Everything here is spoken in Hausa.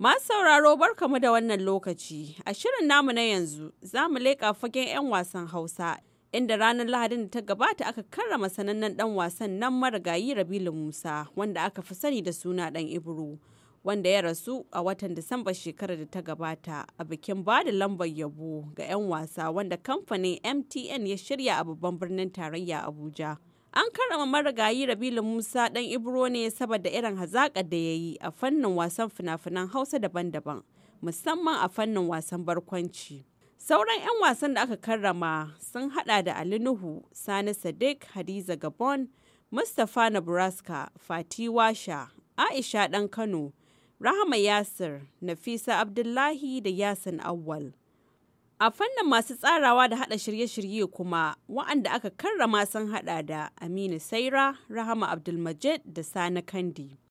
Masu sauraro mu da wannan lokaci, a shirin namu na yanzu za mu leƙa fagen 'yan wasan Hausa, inda ranar Lahadin da ta gabata aka karrama sanannen ɗan wasan nan marigayi Rabilu Musa, wanda aka fi sani da suna ɗan Ibro, wanda ya rasu a watan Disamba shekarar da ta gabata a bikin bada lambar yabo ga 'yan wasa wanda kamfanin MTN ya shirya a babban birnin tarayya Abuja. An karrama marigayi Rabilu Musa ɗan Ibro ne saboda irin hazaƙar da ya yi a fannin wasan fina-finan Hausa daban-daban, musamman a fannin wasan barkwanci. Sauran 'yan wasan da aka karrama sun hada da Ali Nuhu, Sani Sadiq, Hadiza Gabon, Mustapha Nebraska, Fati Washa, Aisha ɗan Kano, Rahama Yasir, Nafisa Abdullahi da Yasin Awwal. A fannin masu tsarawa da haɗa shirye-shirye kuma, wa'anda aka karrama sun haɗa da Aminu Saira, Rahama Abdulmajid da Sani Kandi.